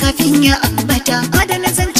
kafin ya ambata adana zan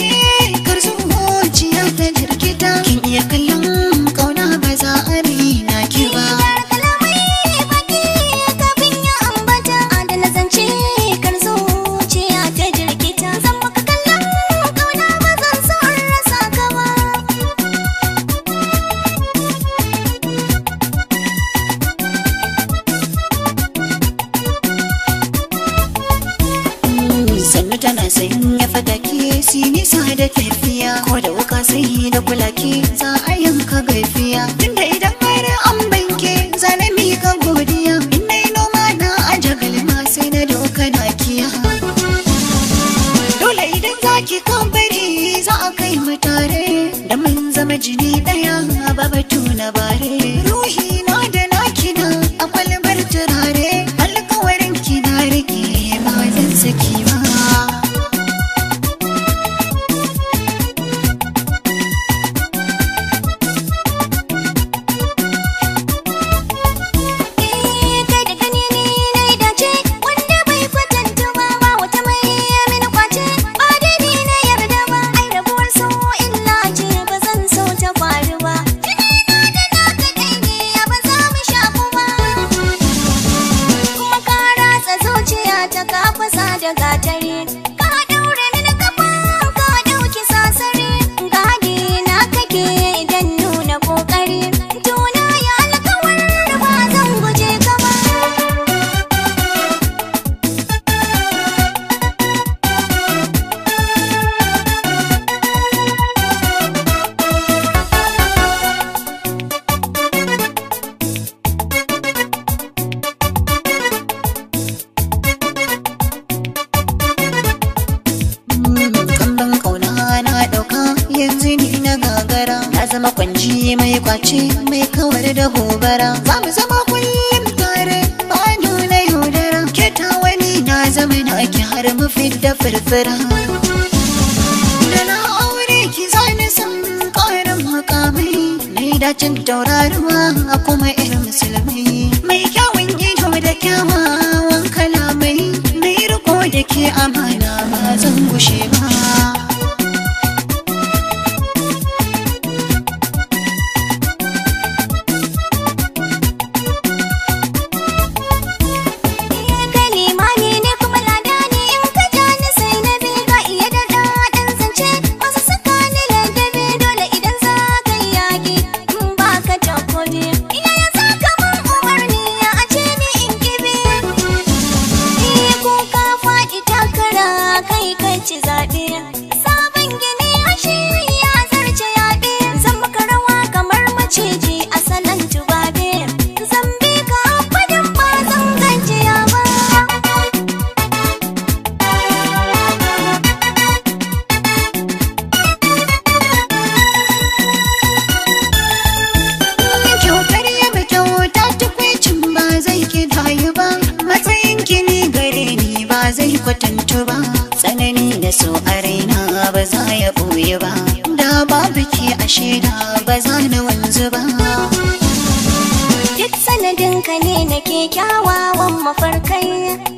sayin ya fataki si nisa da tafiya ko da wuka sai da kulaki za a yanka gafiya tunda idan bayan an banke zane mi godiya in na yi noma na a jagalma sai na doka dakiya dole idan zaki kan bari za a kai mu tare da mun zama jini daya ba batu na bare ruhi na gatari yanzu jini na gagara ka zama kwanci mai kwace mai kawar da gobara za mu zama kullum tare ba nuna yaudara ke ta wani na zama na ki har mu fidda firfira da na aure ki zani san ƙarin makamai ni dacin tauraruwa a kuma irin musulmi mai kyawun ido da kyawawan kalamai mai riko da ke amana ba zan gushe ba ba da babu ke a shaida ba za ni wanzu ba duk ka ne na ke kyawawan mafarkai